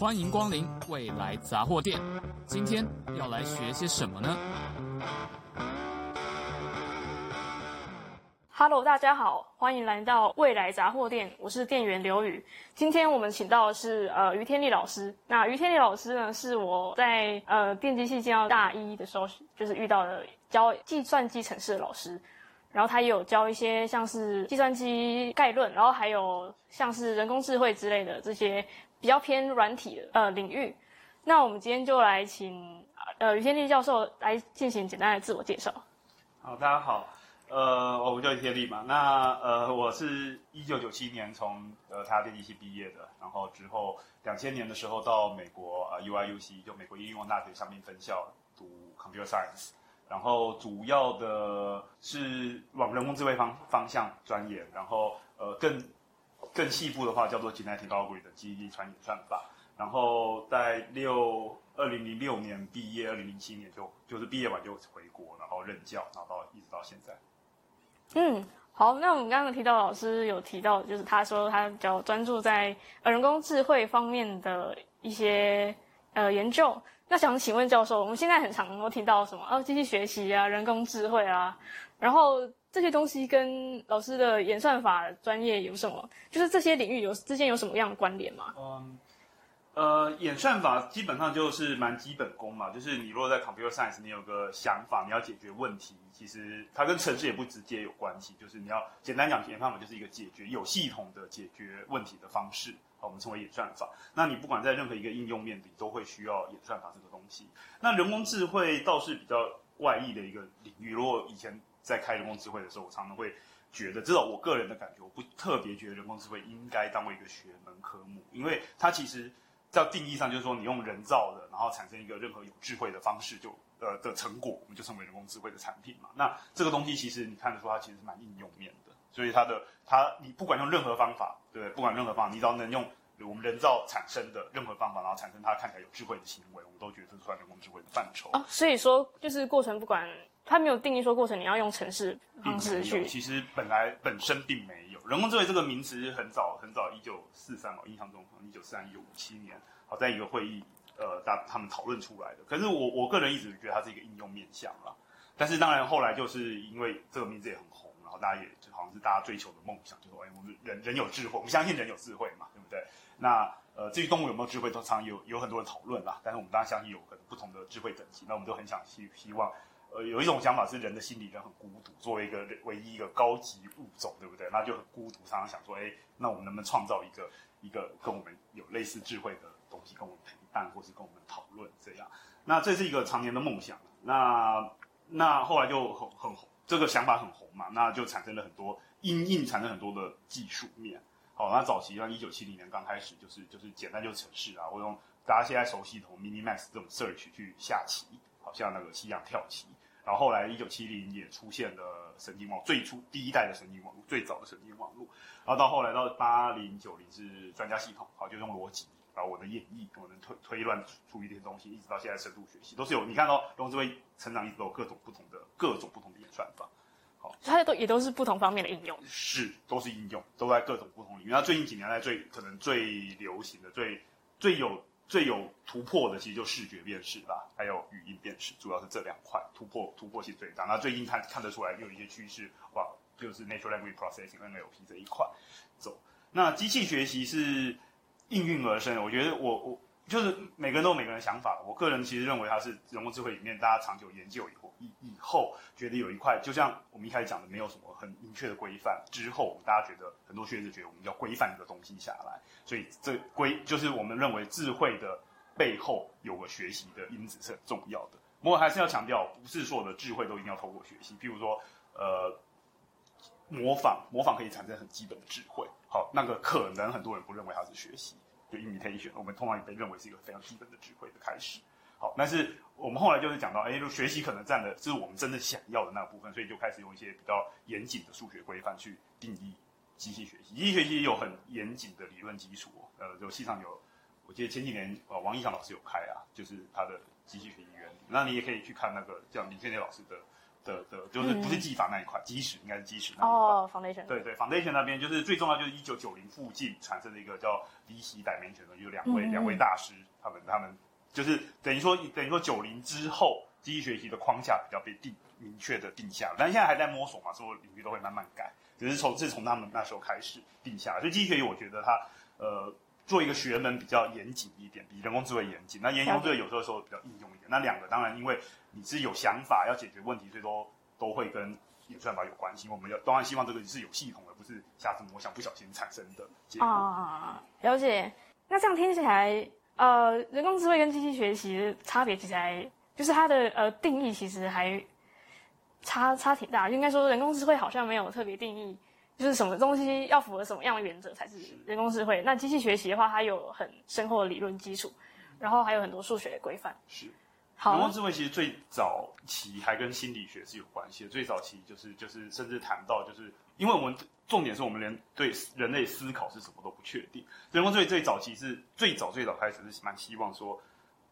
歡迎光臨未來雜貨店，今天要來學些什麼呢？Hello，大家好，歡迎來到未來雜貨店，我是店員劉宇。今天我們請到的是呃於天立老師。那於天立老師呢，是我在呃電機系進到大一的時候，就是遇到的教計算機程式的老師，然後他也有教一些像是計算機概論，然後還有像是人工智慧之類的這些。比較偏軟體的呃領域，那我們今天就來請呃於天立教授來進行簡單的自我介紹。好，大家好，呃，我叫於天立嘛。那呃，我是、呃、一九九七年從呃台大電機系畢業的，然後之後兩千年的時候到美國、呃、U I U C 就美國英用大學香檳分校讀 Computer Science，然後主要的是往人工智慧方方向專研，然後呃更。更細部的話叫做 g e 提到鬼的基因傳遞算法。然後在六二零零六年畢業，二零零七年就就是畢業完就回國，然後任教，然後一直到現在。嗯，好，那我們剛剛提到老師有提到，就是他說他比較專注在人工智慧方面的一些呃研究。那想請問教授，我們現在很常都聽到什麼啊，機、哦、器學習啊，人工智慧啊，然後。這些東西跟老師的演算法專業有什麼？就是這些領域有之間有什麼樣的關聯嗎？嗯，um, 呃，演算法基本上就是蠻基本功嘛，就是你如果在 computer science，你有個想法，你要解決問題，其實它跟程式，也不直接有關係。就是你要簡單講，演算法就是一個解決，有系統的解決問題的方式，好，我們稱為演算法。那你不管在任何一個應用面裡，都會需要演算法這個東西。那人工智慧倒是比較怪異的一個領域，如果以前，在開人工智慧的時候，我常常會覺得，這種我個人的感覺，我不特別覺得人工智慧應該當為一個學門科目，因為它其實，在定義上就是說，你用人造的，然後產生一個任何有智慧的方式就，就呃的成果，我們就稱為人工智慧的產品嘛。那這個東西其實你看得出它其實是蠻應用面的，所以它的它你不管用任何方法，對，對，不管任何方法，你只要能用我們人造產生的任何方法，然後產生它看起來有智慧的行為，我們都覺得這是算人工智慧的範疇。哦，所以說就是過程不管。它沒有定義說過程，你要用程式，名詞去。其實本來本身並沒有“人工智能”這個名詞，很早很早，一九四三嘛，印象中一九四三、一九五七年，好在一個會議，呃，大他們討論出來的。可是我我個人一直覺得它是一個應用面向啦。但是當然後來就是因為這個名字也很紅，然後大家也就好像是大家追求的夢想，就是哎，我們人人有智慧，我們相信人有智慧嘛，對不對？那呃，至於動物有沒有智慧，都常有有很多人討論啦。但是我們當然相信有可能不同的智慧等級。那我們都很想希希望。呃，有一種想法是人的心裡人很孤獨，作為一個唯一一個高級物種，對不對？那就很孤獨，常常想說，哎，那我們能不能創造一個一個跟我們有類似智慧的東西，跟我們陪伴，或是跟我們討論這樣？那這是一個常年的夢想。那那後來就很很紅，這個想法很紅嘛，那就產生了很多因應，產生很多的技術面。好，那早期像一九七零年剛開始，就是就是簡單就程式啊，我用大家現在熟悉的用 minimax 這種 search 去下棋，好像那個西洋跳棋。然後後來一九七零也出現了神經網，最初第一代的神經網絡，最早的神經網絡。然後到後來到八零九零是專家系統，好，就用邏輯，然後我的演繹，我能推推斷出，出一些東西，一直到現在深度學習都是有，你看到用智慧成長一直都有各種不同的各種不同的演算法，好，它都也都是不同方面的應用，是都是應用都在各種不同領域。那最近幾年來最可能最流行的最最有。最有突破的其實就是視覺辨識啦，還有語音辨識，主要是這兩塊突破突破性最大。那最近看看得出來，又有一些趨勢，哇，就是 natural language processing NLP 這一塊走。那機器學習是應運而生，我覺得我我。就是每個人都有每個人的想法。我個人其實認為它是人工智慧裡面大家長久研究以後，以以後覺得有一塊，就像我們一開始講的，沒有什麼很明確的規範。之後我們大家覺得很多學生就覺得我們要規範這個東西下來，所以這規就是我們認為智慧的背後有個學習的因子是很重要的。不過還是要強調，不是所有的智慧都一定要透過學習。譬如說，呃，模仿模仿可以產生很基本的智慧。好，那個可能很多人不認為它是學習。就 imitation，我們通常也被認為是一個非常基本的智慧的開始。好，但是我們後來就是講到，哎、欸，就學習可能占的，是我們真的想要的那個部分，所以就開始用一些比較嚴謹的數學規範去定義機器學習。機器學習也有很嚴謹的理論基礎，呃，就系上有我記得前幾年呃王奕翔老師有開啊，就是他的機器學習原理。那你也可以去看那個叫林建偉老師的。的的，就是不是技法那一塊，嗯、基石應該是基石那一塊。哦，foundation。對對,對 Foundation,，foundation 那邊就是最重要，就是一九九零附近產生的一個叫 VC Dimension，有兩位兩位大師，他們他們就是等於說等於說九零之後，機器學習的框架比較被定明確的定下了。但現在還在摸索嘛，所有領域都會慢慢改，只、就是從是從他們那時候開始定下了，所以機器學習我覺得它呃。做一個學門比較嚴謹一點，比人工智慧嚴謹。那人工智慧有時候說比較應用一點。那兩個當然，因為你是有想法要解決問題，最多都，都會跟演算法有關係。我們要當然希望這個是有系統的，不是瞎子摸象不小心產生的結果。啊，了解。那這樣聽起來，呃，人工智慧跟機器學習差別其實還就是它的呃定義其實還差差挺大。應該說人工智慧好像沒有特別定義。就是什麼東西要符合什麼樣的原則才是人工智慧？是那機器學習的話，它有很深厚的理論基礎，嗯、然後還有很多數學的規範。是，好呢人工智慧其實最早期還跟心理學是有關係的。最早期就是就是甚至談到就是因為我們重點是我們連對人類思考是什麼都不確定。人工智慧最早期是最早最早開始是蠻希望說，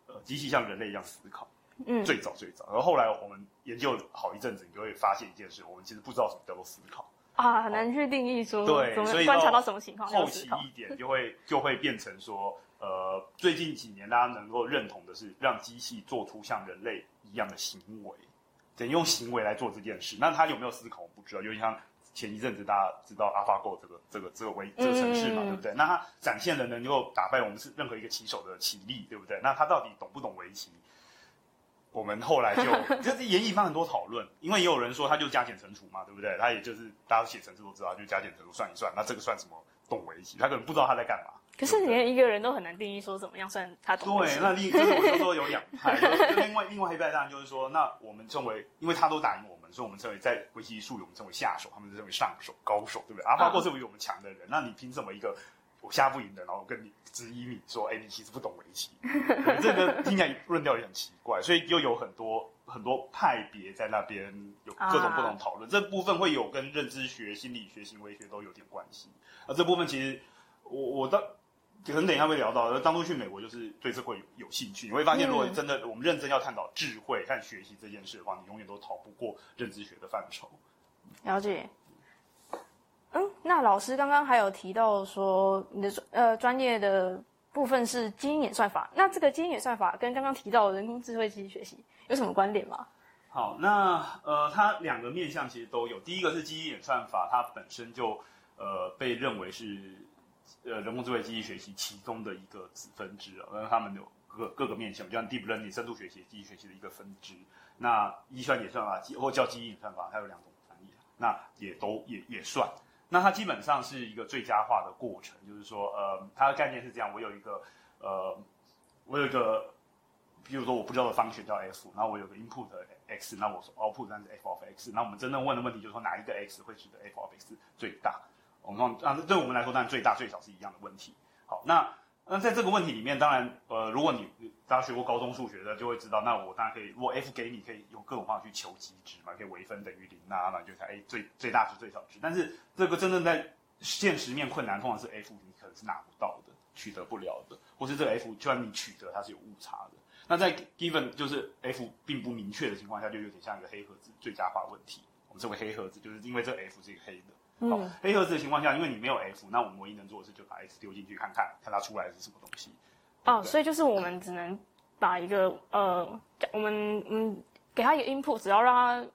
呃，機器像人類一樣思考。嗯。最早最早，然後後來我們研究好一陣子，你就會發現一件事：我們其實不知道什麼叫做思考。啊，很難去定義說怎麼觀察到什麼情況。後期一點就會就會變成說， 呃，最近幾年大家能夠認同的是讓機器做出像人類一樣的行為，等於用行為來做這件事。那他有沒有思考，我不知道。有點像前一陣子大家知道 AlphaGo 這個這個這個圍這個城市嘛，嗯、對不對？那他展現了能夠打敗我們是任何一個棋手的棋力，對不對？那他到底懂不懂圍棋？ 我們後來就就是引發很多討論，因為也有人說他就加減乘除嘛，對不對？他也就是大家寫程式都知道，就加減乘除算一算，那這個算什麼懂圍棋？他可能不知道他在幹嘛。可是你連一個人都很難定義說怎麼樣算他懂。對，那另就是我說，說有兩派、 哎，另外另外一派當然就是說，那我們稱為，因為他都打贏我們，所以我們稱為在圍棋術語我們稱為下手，他們稱為上手高手，對不對？阿、嗯啊、巴過是比我們強的人，那你憑什麼一個？我下不贏的，然後我跟你質疑你說，哎，你其實不懂圍棋，這個聽起來論調也很奇怪，所以又有很多很多派別在那邊有各種不同討論。啊、這部分會有跟認知學、心理學、行為學都有點關係。啊，這部分其實我我當可能等一下會聊到，當初去美國就是對智慧有，有興趣，你會發現，如果真的我們認真要探討智慧和學習這件事的話，嗯、你永遠都逃不過認知學的範疇。了解。那老師剛剛還有提到說，你的專呃專業的部分是基因演算法，那這個基因演算法跟剛剛提到的人工智慧機器學習有什麼關聯嗎？好，那呃它兩個面向其實都有。第一個是基因演算法，它本身就呃被認為是呃人工智慧機器學習其中的一個子分支啊，因為他們有各各個面向，就像 deep learning 深度學習、機器學習的一個分支，那遺傳演算法或叫基因演算法，它有兩種翻譯，那也都也也算。那它基本上是一個最佳化的過程，就是說，呃，它的概念是這樣：我有一個，呃，我有一個，比如說我不知道的 function 叫 f，然後我有個 input 的 x，那我說 output 那是 f of x。那我們真正問的問題就是說，哪一個 x 會使得 f of x 最大？我們說，那對我們來說，當然最大、最小是一樣的問題。好，那。那在這個問題裡面，當然，呃，如果你大家學過高中數學的，就會知道，那我當然可以，我 f 給你，可以用各種方法去求極值嘛，可以微分等於零、啊，那當然就是誒最最大值、最小值。但是這個真正在現實面困難，通常是 f 你可能是拿不到的，取得不了的，或是這個 f 雖然你取得，它是有誤差的。那在 given 就是 f 並不明確的情況下，就有點像一個黑盒子最佳化問題。我們稱為黑盒子，就是因為這個 f 是一個黑的。好嗯，黑盒子的情況下，因為你沒有 f，那我們唯一能做的事就把 x 丟進去看看，看它出來是什麼東西。對對哦，所以就是我們只能把一個呃，我們嗯，給它一個 input，只要讓它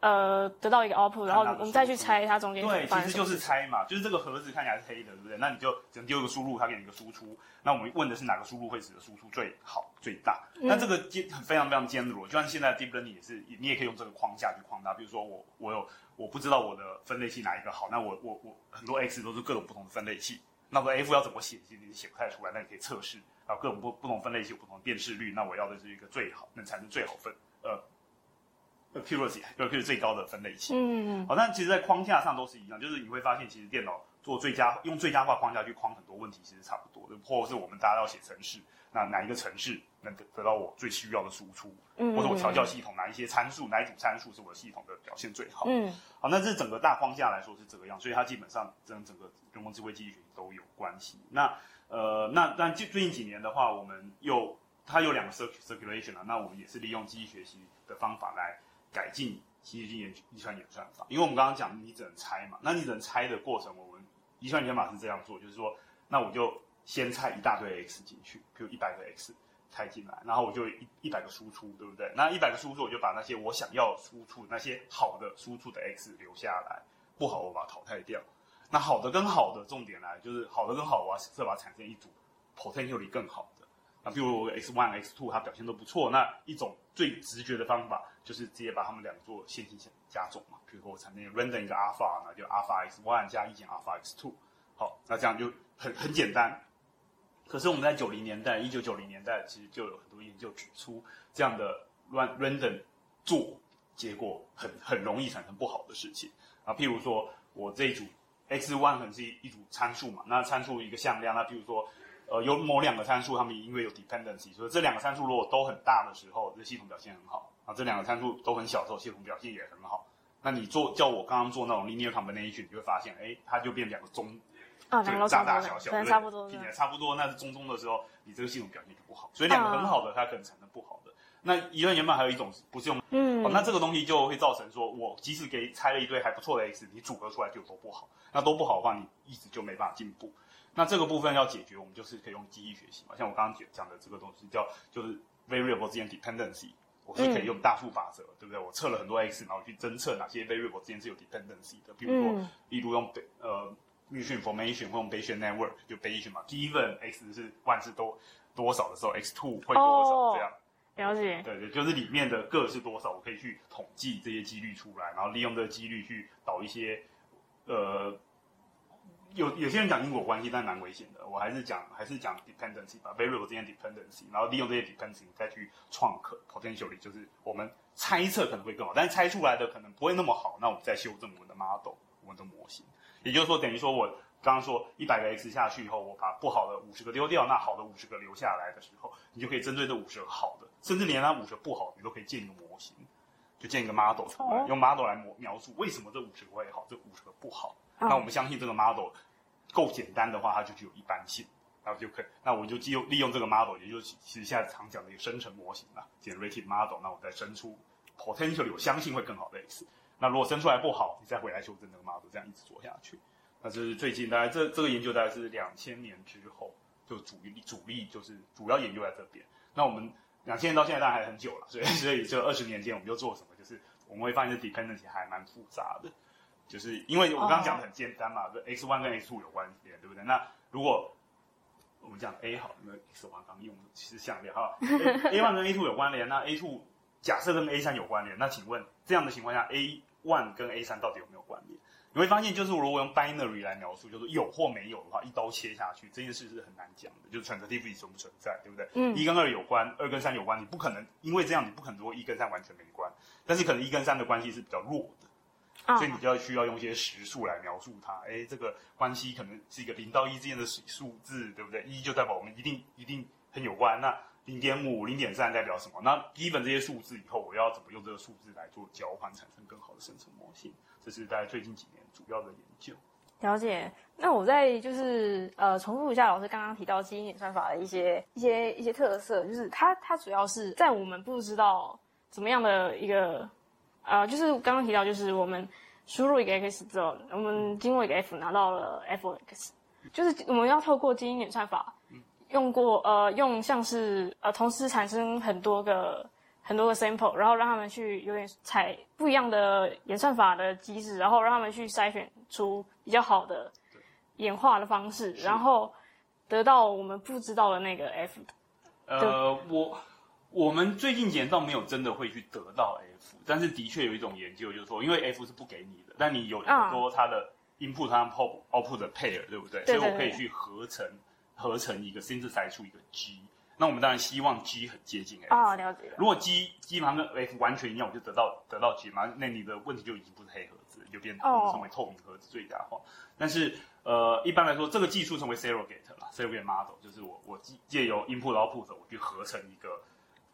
呃得到一個 output，然後我們再去猜它中間。對，其實就是猜嘛，就是這個盒子看起來是黑的，對不對？那你就只能丟一個輸入，它給你一個輸出。那我們問的是哪個輸入會使得輸出最好、最大？嗯、那這個就非常非常 general。就像現在 deep learning 也是，你也可以用這個框架去框它。比如說我我有。我不知道我的分類器哪一個好，那我我我很多 x 都是各種不同的分類器，那我 f 要怎麼寫？其實你寫不太出來，那你可以測試啊，然後各種不不同分類器有不同的辨識率，那我要的是一個最好能產生最好分呃呃 accuracy 就是最高的分類器。嗯，嗯嗯。好、哦，但其實，在框架上都是一樣，就是你會發現，其實電腦做最佳用最佳化框架去框很多問題，其實差不多，或者是我們大家要寫程式。那哪一個城市能得得到我最需要的輸出？嗯、mm，hmm. 或者我調教系統哪一些參數，哪一組參數是我的系統的表現最好？嗯、mm，hmm. 好，那這整個大框架來說是這個樣，所以它基本上跟整個人工智慧機器學習都有關係。那呃，那但近最近幾年的話，我們又它有兩個 circu, circulation 啊，那我們也是利用機器學習的方法來改進其實計算演算法。因為我們剛剛講你只能猜嘛，那你只能猜的過程，我們計算演算法是這樣做，就是說那我就。先拆一大堆 x 進去，比如一百個 x 拆進來，然後我就一一百個輸出，對不對？那一百個輸出，我就把那些我想要輸出那些好的輸出的 x 留下來，不好我把它淘汰掉。那好的跟好的，重點來就是好的跟好的我要設法產生一組 potentially 更好的。那比如，如 x one、x two 它表現都不錯，那一種最直覺的方法就是直接把它們兩個做線性加加總嘛。比如說我產生 random 一個 alpha，那就 alpha x one 加一減 alpha x two。好，那這樣就很很簡單。可是我們在九零年代，一九九零年代，其實就有很多研究指出，這樣的亂 random 做結果很很容易產生不好的事情啊。譬如說，我這一組 x one 可能是一組參數嘛，那參數一個向量，那譬如說，呃，有某兩個參數，他們因為有 dependency，所以這兩個參數如果都很大的時候，這系統表現很好啊；這兩個參數都很小的時候，系統表現也很好。那你做叫我剛剛做那種 linear combination，你就會發現，哎，它就變兩個中。啊，大、哦、對大小小，可差不多，拼起來差不多。對不多那是中中的時候，你這個系統表現就不好，所以兩個很好的，啊、它可能產生不好的。那遺傳原本還有一種，不是用，嗯、哦，那這個東西就會造成說，我即使給拆了一堆還不錯的 x，你組合出來就有多不好。那多不好的話，你一直就沒辦法進步。那這個部分要解決，我們就是可以用機器學習嘛，像我剛剛講的這個東西叫就是 variable 之間 dependency，我是可以用大數法則，嗯、對不對？我測了很多 x，然後去偵測哪些 variable 之間是有 dependency 的，比如說，例如、嗯、用呃。Bayesian formation 或我們 Bayesian network 就 Bayesian 嘛，Given x 是萬是多多少的時候，x two 會多少、oh, 這樣，嗯、了解？對對，就是裡面的個是多少，我可以去統計這些幾率出來，然後利用這個幾率去導一些，呃，有有些人講因果關係，但蠻危險的。我還是講還是講 dependency 吧，variable 之間 dependency，然後利用這些 dependency 再去創客 potentially 就是我們猜測可能會更好，但猜出來的可能不會那麼好，那我們再修正我們的 model。我的模型，也就是說，等於說，我剛剛說一百個 x 下去以後，我把不好的五十個丟掉，那好的五十個留下來的時候，你就可以針對這五十個好的，甚至連那五十個不好，你都可以建一個模型，就建一個 model 出來，用 model 來模描述為什麼這五十個會好，這五十個不好。Oh. 那我們相信這個 model 夠簡單的話，它就具有一般性，那我就可以，那我就利用利用這個 model，也就是其實現在常講的一個生成模型了 （generated、啊、model），那我再生出 potential 我相信會更好的 x。那如果生出來不好，你再回來修正那個帽子，這樣一直做下去。那是最近，大概這這個研究大概是兩千年之後就主力主力，就是主要研究在這邊。那我們兩千年到現在當然還很久了，所以所以這二十年間我們就做什麼，就是我們會發現這 dependency 還蠻複雜的，就是因為我剛剛講的很簡單嘛，oh. 就 x one 跟 x two 有關聯，對不對？那如果我們講 a 好，那 x one 剛用的是項鏈哈，a one 跟 a two 有關聯，那 a two 假設跟 A 三有關聯，那請問這樣的情況下，A one 跟 A 三到底有沒有關聯？你會發現，就是如果我用 binary 來描述，就是有或沒有的話，一刀切下去，這件事是很難講的。就是 transitivity 存不存在，對不對？嗯。一跟二有關，二跟三有關，你不可能因為這樣，你不可能說一跟三完全沒關，但是可能一跟三的關係是比較弱的，所以你就要需要用一些實數來描述它。哎、哦，這個關係可能是一個零到一之間的數字，對不對？一就代表我們一定一定很有關，那。零點五、零點三代表什麼？那基本這些數字以後，我要怎麼用這個數字來做交換，產生更好的生成模型？這是在最近幾年主要的研究。了解。那我再就是呃，重複一下老師剛剛提到基因演算法的一些一些一些特色，就是它它主要是在我們不知道怎麼樣的一個呃，就是剛剛提到，就是我們輸入一個 x 之後，我們經過一個 f 拿到了 f x，就是我們要透過基因演算法。用過呃，用像是呃，同時產生很多個很多個 sample，然後讓他們去有點採不一樣的演算法的機制，然後讓他們去篩選出比較好的演化的方式，對然後得到我們不知道的那個 f 是。對呃，我我們最近幾年倒沒有真的會去得到 f，但是的確有一種研究就是說，因為 f 是不給你的，但你有很多它的 input 和 output 的 pair，對不對？對對對，所以我可以去合成。合成一個甚至輸出一個 g，那我們當然希望 g 很接近 f。啊，了解了。如果 g 基本上跟 f 完全一樣，我就得到得到 g 嘛，那你的問題就已經不是黑盒子，就變成為透明盒子最佳化。Oh. 但是呃，一般來說，這個技術稱為 surrogate 啦，surrogate model，就是我我借由 input output，我去合成一個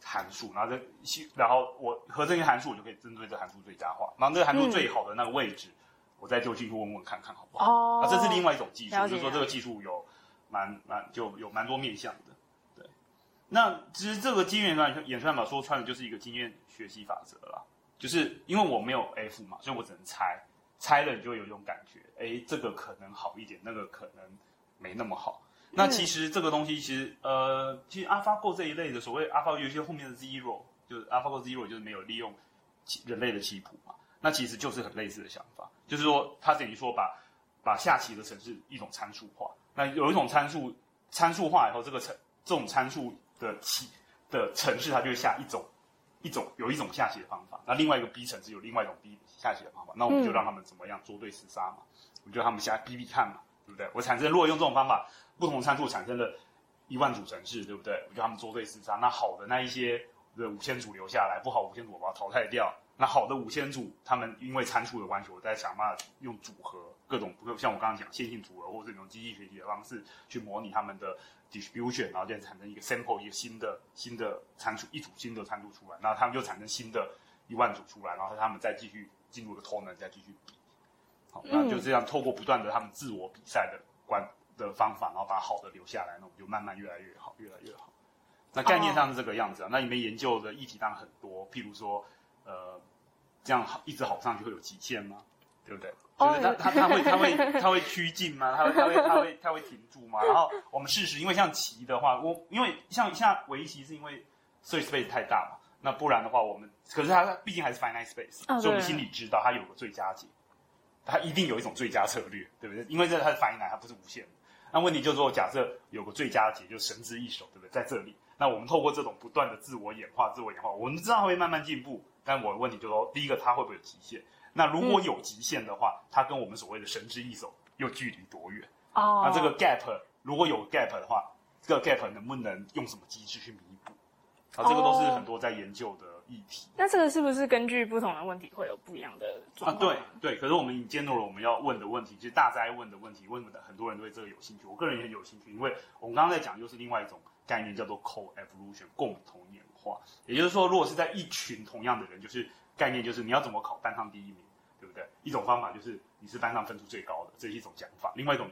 函數，然後這然後我合成一個函數，我就可以針對這個函數最佳化，然後這個函數最好的那個位置，嗯、我再丟進去問問看看好不好？哦、oh, 啊，這是另外一種技術，了了就是說這個技術有。蠻蠻就有蠻多面向的，對。那其實這個經驗上演算法說穿了就是一個經驗學習法則啦，就是因為我沒有 f 嘛，所以我只能猜，猜了你就會有一種感覺，哎，這個可能好一點，那個可能沒那麼好。嗯、那其實這個東西其實呃，其實 AlphaGo 這一類的所謂 Alpha，有些後面的 Zero 就是 AlphaGo Zero 就是沒有利用人類的棋譜嘛，那其實就是很類似的想法，就是說它等於說把把下棋的程式一種參數化。那有一種參數參數化以後這，這個程這種參數的體的程式，它就會下一種一種有一種下棋的方法。那另外一個 B 程式有另外一種 B 下棋的方法。那我們就讓他們怎麼樣捉對廝殺嘛？嗯、我就讓他們下比比看嘛，對不對？我產生如果用這種方法，不同參數產生了一萬組程式，對不對？我就讓他們捉對廝殺，那好的那一些的五千組留下來，不好五千組我把它淘汰掉。那好的五千組，他們因為參數的關係，我再想辦法用組合。各種，像我剛剛講線性組合，或者這種機器學習的方式，去模擬他們的 distribution，然後就產生一個 sample，一個新的新的，新的參數一組新的參數出來，那他們就產生新的一萬組出來，然後他們再繼續進入一個 tournament 再繼續比，好，那就這樣透過不斷的他們自我比賽的關的方法，然後把好的留下來，那我們就慢慢越來越好，越來越好。那概念上是這個樣子啊，那你們研究的議題當然很多，譬如說，呃，這樣好一直好上就會有極限嗎？對不對？Oh, 就是他它會 他，他會它會，會趨近嗎？他會他會他會他會停住嗎？ 然後我們試試，因為像棋的話，我因為像像圍棋是因為 search space 太大嘛，那不然的話，我們可是它畢竟還是 finite space，oh, 所以我們心裡知道它有個最佳解，它對一定有一種最佳策略，對不對？因為這是 finite，它不是無限的。那問題就是說，假設有個最佳解，就神之一手，對不對？在這裡，那我們透過這種不斷的自我演化、自我演化，我們知道會慢慢進步。但我的問題就是說，第一個，它會不會有極限？那如果有極限的話，嗯、它跟我們所謂的神之一手又距離多遠？哦，那這個 gap 如果有 gap 的話，這個 gap 能不能用什麼機制去彌補？哦、啊，這個都是很多在研究的議題。哦。那這個是不是根據不同的問題會有不一樣的狀況？啊，對對。可是我們已經揭露了我們要問的問題，其、就、實、是、大家問的問題，為什麼很多人對這個有興趣？我個人也很有興趣，因為我們剛剛在講，就是另外一種概念叫做 co-evolution 共同演化，也就是說，如果是在一群同樣的人，就是。概念就是你要怎麼考班上第一名，對不對？一種方法就是你是班上分數最高的這一種講法。另外一種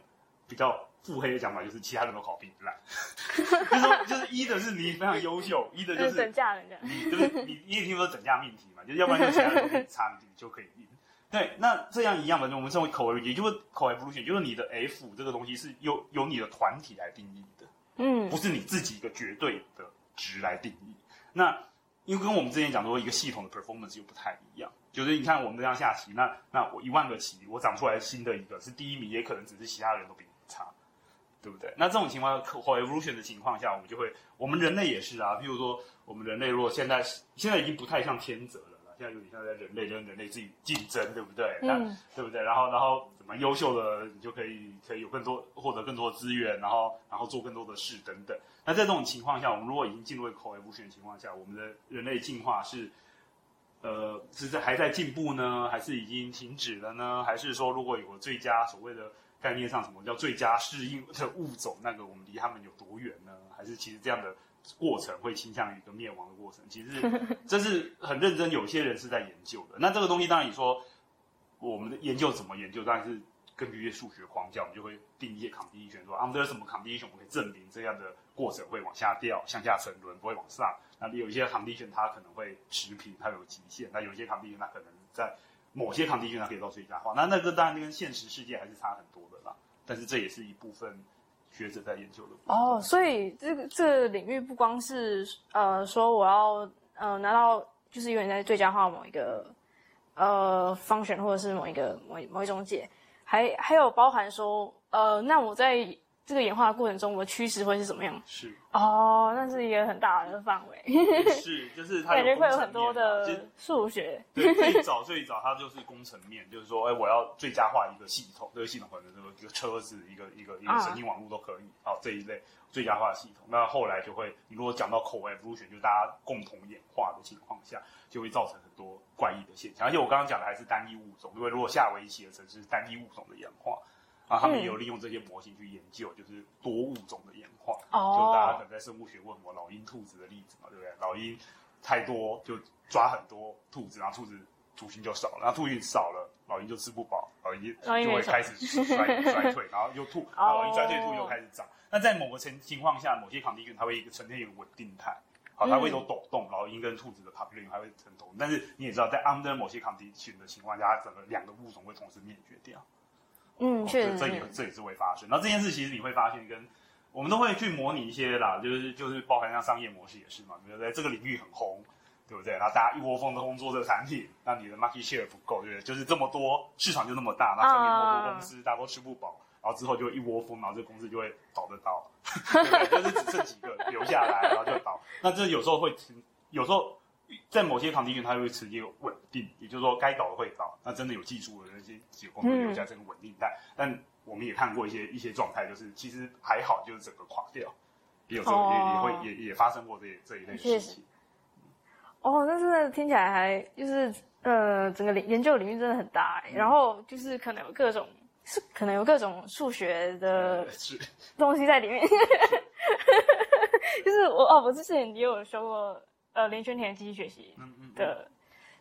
比較腹黑的講法就是其他人都考比你爛。就是就是一的是你非常優秀，一的就是你、嗯、就是你你也聽說等價命題嘛， 就是要不然就其他人 差一點就可以贏。對，那這樣一樣的，我們稱為 co-evolution，也就是 co-evolution 不入選，就是你的 F 這個東西是由由你的團體來定義的，嗯，不是你自己一個絕對的值來定義。那。因為跟我們之前講說一個系統的 performance 又不太一樣，就是你看我們這樣下棋，那那我一萬個棋，我長出來新的一個是第一名，也可能只是其他人都比你差，對不對？那這種情況可 evolution 的情況下，我們就會，我們人類也是啊，比如說我們人類如果現在現在已經不太像天澤了。現在有點像在人類，跟人類自己競爭，對不對？嗯、那對不對？然後，然後怎麼優秀的你就可以可以有更多獲得更多的資源，然後然後做更多的事等等。那在這種情況下，我們如果已經進入了 co-evolution 的情況下，我們的人類進化是呃，是在還在進步呢，還是已經停止了呢？還是說，如果有個最佳所謂的概念上，什麼叫最佳適應的物種？那個我們離他們有多遠呢？還是其實這樣的？過程會傾向於一個滅亡的過程，其實這是很認真，有些人是在研究的。那這個東西當然你說我們的研究怎麼研究，當然是根據一些數學框架，我們就會定一些 condition，說 under 什麼 condition 可以證明這樣的過程會往下掉、向下沉淪，不會往上。那有一些 condition 它可能會持平，它有極限；那有一些 condition 它可能在某些 condition 它可以到最佳化。那那個當然跟現實世界還是差很多的啦，但是這也是一部分。學者在研究的哦，oh, 所以這個這個、領域不光是呃說我要呃拿到，就是永遠在最佳化某一個呃 function 或者是某一個某某一種解，還還有包含說呃那我在。這個演化的過程中，我的趨勢會是什麼樣？是哦，oh, 那是一個很大的範圍。 是，就是感覺會有很多的數學。對，最早最早它就是工程面，就是說，哎、欸，我要最佳化一個系統，這個系統可能是一個車子，一個一個，一個神經網絡都可以。哦、啊啊，這一類最佳化系統。那後來就會，你如果講到 co-evolution，就是大家共同演化的情況下，就會造成很多怪異的現象。而且我剛剛講的還是單一物種，因為如果下圍棋的程式單一物種的演化。然後他們也有利用這些模型去研究，就是多物種的演化。哦，就大家可能在生物學問我，老鷹兔子的例子嘛，對不對？老鷹太多就抓很多兔子，然後兔子族群就少了，然後兔子少了老鷹就吃不飽，老鷹就會開始衰、哦、衰退，然後又兔 後老鷹衰退，兔又開始長。哦、那在某個情情況下，某些 condition 它會呈現一個穩定態，好，它會有抖動，老鷹跟兔子的 population 還會抖動。但是你也知道，在 under 某些 condition 的情況下，它整個兩個物種會同時滅絕掉。嗯，是，這也，是的這也是會發生。那這件事其實你會發現跟，跟我們都會去模擬一些啦，就是就是包含像商業模式也是嘛，對不對？這個領域很紅，對不對？然後大家一窩蜂的工作這個產品，那你的 market share 不夠，對不對？就是這麼多市場就那麼大，那後後面很多，多公司、uh、大家都吃不飽，然後之後就一窩蜂，然後這個公司就會倒的倒， 對不對？就是只剩幾個 留下來，然後就倒。那這有時候會停，有時候。在某些場景下它就會直接穩定，也就是說該倒的會倒。那真的有技術的那些結果會留下這個穩定帶，嗯、但我們也看過一些一些狀態，就是其實還好，就是整個垮掉，也有時候也、哦、也會也也發生過這些這一類事情。哦，但是聽起來還就是呃，整個研究領域真的很大哎、欸，嗯、然後就是可能有各種是可能有各種數學的東西在裡面，就是我哦，我之前也有說過。呃，林軒田機器學習的、嗯嗯嗯、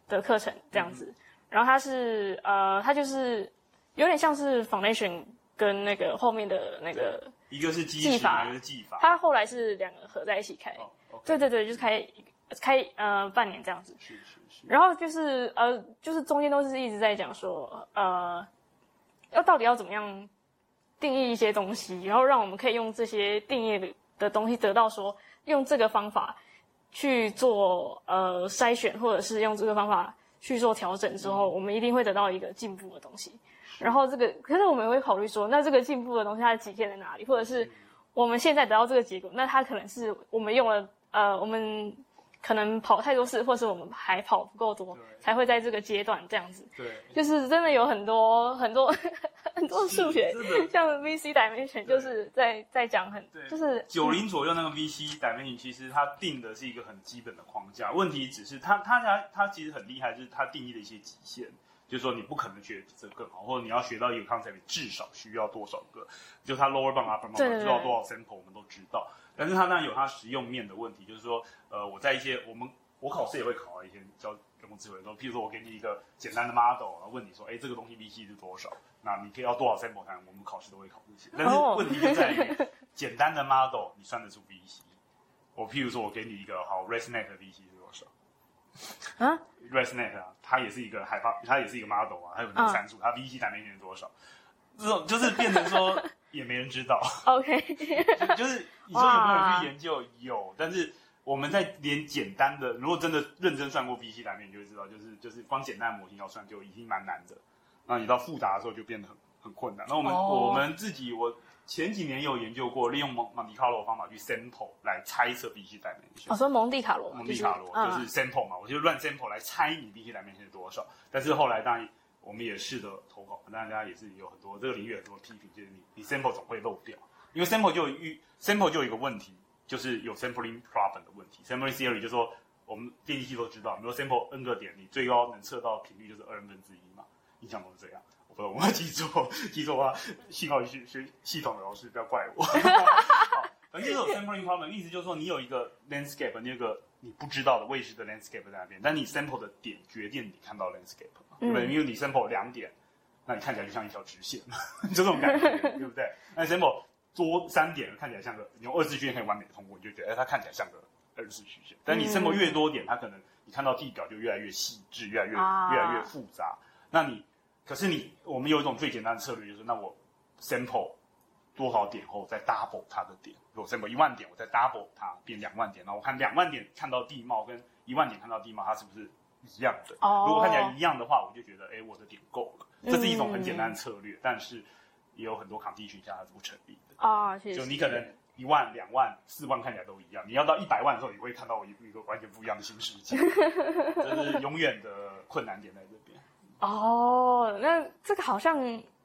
的課程這樣子，嗯嗯、然後他是呃，他就是有點像是 foundation 跟那個後面的那個，一個是基石，一個是技法，他後來是兩個合在一起開，哦、okay, 對對對，就是開開呃半年這樣子。是是是是，然後就是呃，就是中間都是一直在講說呃，要到底要怎麼樣定義一些東西，然後讓我們可以用這些定義的，的東西得到說用這個方法。去做呃篩選，或者是用這個方法去做調整之後，嗯、我們一定會得到一個進步的東西。然後這個，可是我們會考慮說，那這個進步的東西它體現在哪裡？或者是我們現在得到這個結果，那它可能是我們用了呃我們。可能跑太多次，或是我們還跑不夠多，對才會在這個階段這樣子。對，就是真的有很多很多呵呵很多數學，像 VC dimension，對就是在在講很，就是九零左右那個 VC dimension，其實它定的是一個很基本的框架，問題只是它它它它其實很厲害，就是它定義的一些極限。就是說你不可能覺得這更好，或者你要學到有 confidence 至少需要多少個，就它 lower bound upper bound 需要多少 sample 我們都知道，對對，但是它那有它實用面的問題，就是說呃我在一些我們我考試也會考一些教人工智能的時候，譬如說我給你一個簡單的 model，啊，問你說哎這個東西 VC 是多少，那你可以要多少 sample，看我們考試都會考這些，但是問題就在於、哦、 簡單的 model 你算得出 VC，我譬如說我給你一個好 ResNet 的 VC。啊，ResNet 啊，它、啊、也是一個害怕，它也是一個 model 啊，它有那個參數，它 VC 單面是多少？這種就是變成說也沒人知道。OK， 就，就是你說有沒有去研究？哇有，但是我們在連簡單的，如果真的認真算過 VC 單面，你就會知道，就是就是光簡單的模型要算就已經蠻難的，那你到複雜的時候就變得很很困難。那我們、哦、我們自己我。前幾年也有研究過，利用蒙蒙地卡羅方法去 sample 來猜測 BC 帶電性。哦，所以蒙地卡羅蒙地卡羅就是，、啊、是 sample 嘛，我就亂 sample 來猜你 BC 帶電性是多少。但是後來當然我們也試着投稿，但大家也是有很多這個領域很多批評，就是你你 sample 總會漏掉，因為 sample 就遇 sample 就有一個問題，就是有 sampling problem 的問題、啊、，sampling theory 就是說我們電機系都知道，你說 sample n 個點，你最高能測到頻率就是二分之一嘛，印象都是這樣。我要記錯，記錯的話，信號系統是是系統的老師不要怪我。 好反正就是 sample improvement 意思就是說，你有一個 landscape，你有個你不知道的位置的 landscape 在那邊，但你 sample 的點決定你看到 landscape，對不對？因為、嗯、你 sample 兩點，那你看起來就像一條直線， 就這種感覺， 對不對？那 sample 多三點看起來像個，你用二次曲線可以完美的通過，你就覺得它看起來像個二次曲線。但你 sample 越多點，它可能你看到地表就越來越細緻，越來越、啊、越來越複雜。那你可是你，我們有一種最簡單的策略，就是那我 sample 多少點後，再 double 它的點。如果 sample 一萬點，我再 double 它，變兩萬點，然後我看兩萬點看到地貌跟一萬點看到地貌，它是不是一樣的？哦。如果看起來一樣的話，我就覺得，哎，我的點夠了。這是一種很簡單的策略，嗯、但是也有很多統計學家是不成立的。啊、哦，謝謝，就你可能一萬、兩萬、四萬看起來都一樣，你要到一百萬的時候，你會看到我一個一個完全不一樣的新世界。 這是永遠的困難點在這邊。哦，oh, 那這個好像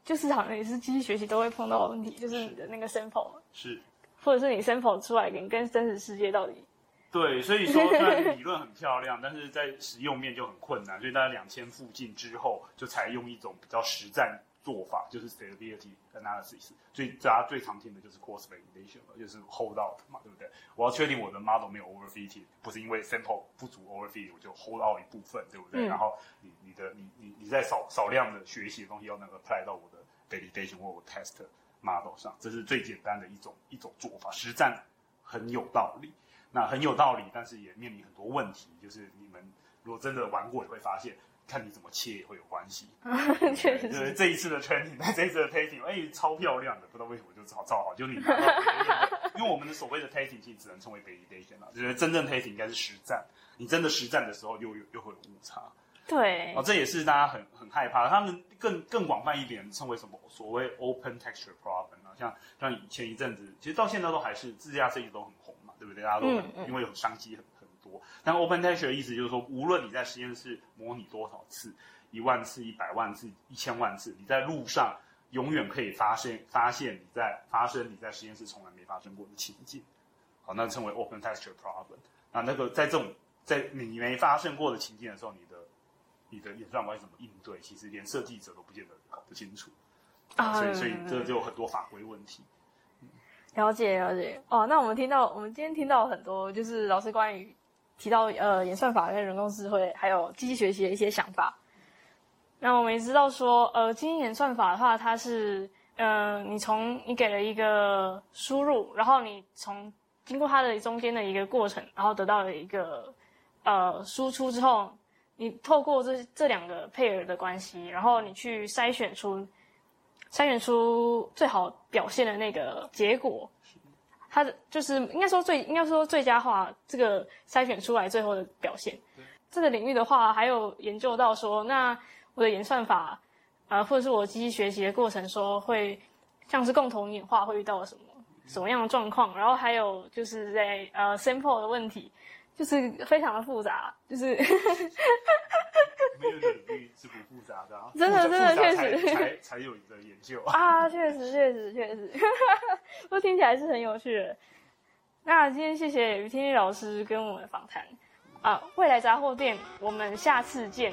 就是好像也是機器學習都會碰到的問題，是就是你的那個 sample 是，或者是你 sample 出來跟你跟真實世界到底，對，所以說雖然理論很漂亮， 但是在實用面就很困難，所以大概兩千附近之後就採用一種比較實戰。做法就是 stability analysis，最大家最、啊、最常聽的就是 cross validation，就是 hold out 嘛，對不對？我要確定我的 model 沒有 overfitting，不是因為 sample 不足 overfit，我就 hold out 一部分，對不對？嗯、然後你你的你你你在少少量的學習的東西要那個 apply 到我的 validation 或者我 test model 上，這是最簡單的一種一種做法，實戰很有道理，那很有道理，但是也面臨很多問題，就是你們如果真的玩過，你會發現。看你怎麼切也會有關係，確實 對。對,對 這一次的 training，這一次的 testing，哎、欸，超漂亮的，不知道為什麼我就照照好，就你就。 因為我們的所謂的 testing 只能稱為 validation 了、啊，就是真正 testing 應該是實戰，你真的實戰的時候又又又會有誤差。對。哦，這也是大家很很害怕的。他們更更廣泛一點稱為什麼？所謂 open texture problem 啊，像像以前一陣子，其實到現在都還是自駕車一直都很紅嘛，對不對？大家都很、嗯、因為有商機。但 open texture 的意思就是說，無論你在實驗室模擬多少次，一萬次、一百萬次、一千萬次，你在路上永遠可以發現，發現你在，發生你在實驗室從來沒發生過的情境。好，那稱為 open texture problem。那那個在這種在你沒發生過的情境的時候，你的你的演算法怎麼應對，其實連設計者都不見得搞不清楚。啊，所。所以所以這就有很多法規問題。嗯、了解了解哦。那我們聽到我們今天聽到很多就是老師關於。提到呃，演算法跟人工智慧，還有機器學習的一些想法。那我們也知道說，呃，基因演算法的話，它是，呃，你從你給了一個輸入，然後你從經過它的中間的一個過程，然後得到了一個呃輸出之後，你透過這這兩個 pair 的關係，然後你去篩選出篩選出最好表現的那個結果。他的就是應該說最應該說最佳化這個篩選出來最後的表現，對這個領域的話還有研究到說，那我的演算法啊、呃，或者是我機器學習的過程說，說會像是共同演化會遇到什麼什麼樣的狀況，然後還有就是在呃 sample 的問題，就是非常的複雜，就是。 這個領域是不複雜的，真的真的確實才才有的研究啊，啊，確實確實確實，不過 聽起來是很有趣的。那今天謝謝於天立老師跟我們訪談，啊，未來雜貨店，我們下次見。